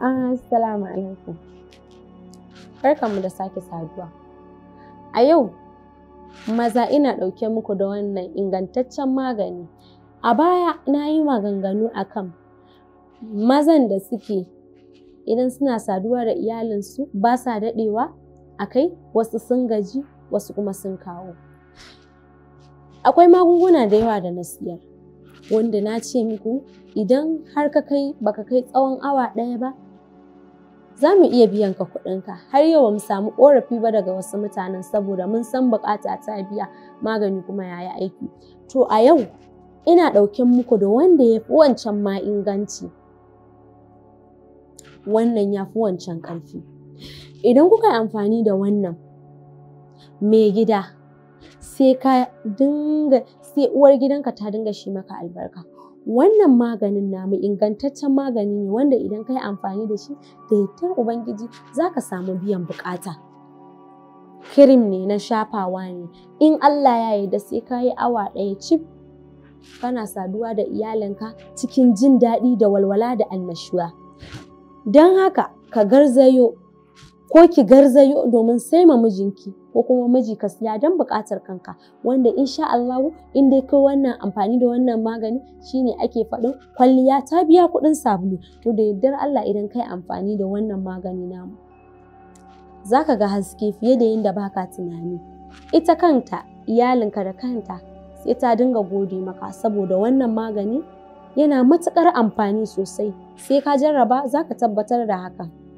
Assalamu alaikum. Barkanmu da sake saduwa. A yau, maza ina ɗauke muku da wannan ingantaccen magani. A baya na yi maganganu akan mazan da suke idan suna saduwa da iyalinsu ba sa daɗewa a kai wasu sun gaji wasu kuma sun kawo. Akwai magunguna da yawa da na siyar. wanda na ce muku idan har ka kai baka kai tsawon awa ɗaya ba za mu iya biyan ka kuɗinka har yau ba mu samu ƙorafi ba daga wasu mutanen saboda mun san buƙata ta biya magani kuma yayi aiki to a yau ina ɗauke muku da wanda ya fi wancan ma inganci wannan ya fi wancan ƙarfi idan kuka yi amfani da wannan mai gida sai ka dinga sai uwar gidanka ta dinga shi maka albarka wannan maganin namu ingantaccen magani ne wanda idan ka yi amfani da shi da yardar ubangiji za ka samu biyan bukata kirim ne na shafawa ne in allah ya yarda sai ka yi awa ɗaya cif kana saduwa da iyalinka cikin jin daɗi da walwala da annashuwa don haka ka garzayo ko ki garzayo domin sai ma mijinki ko kuma miji ka siya don buƙatar kanka wanda insha Allah in dai kai wannan amfani da wannan magani shine ake faɗin kwalliya ta biya kuɗin sabulu to da yardar Allah idan kai amfani da wannan magani namu zaka ga haske fiye da yadda baka tunani ita kanta iyalinka da kanta sai ta dinga gode maka saboda wannan magani yana matuƙar amfani sosai sai ka jarraba zaka tabbatar da hakan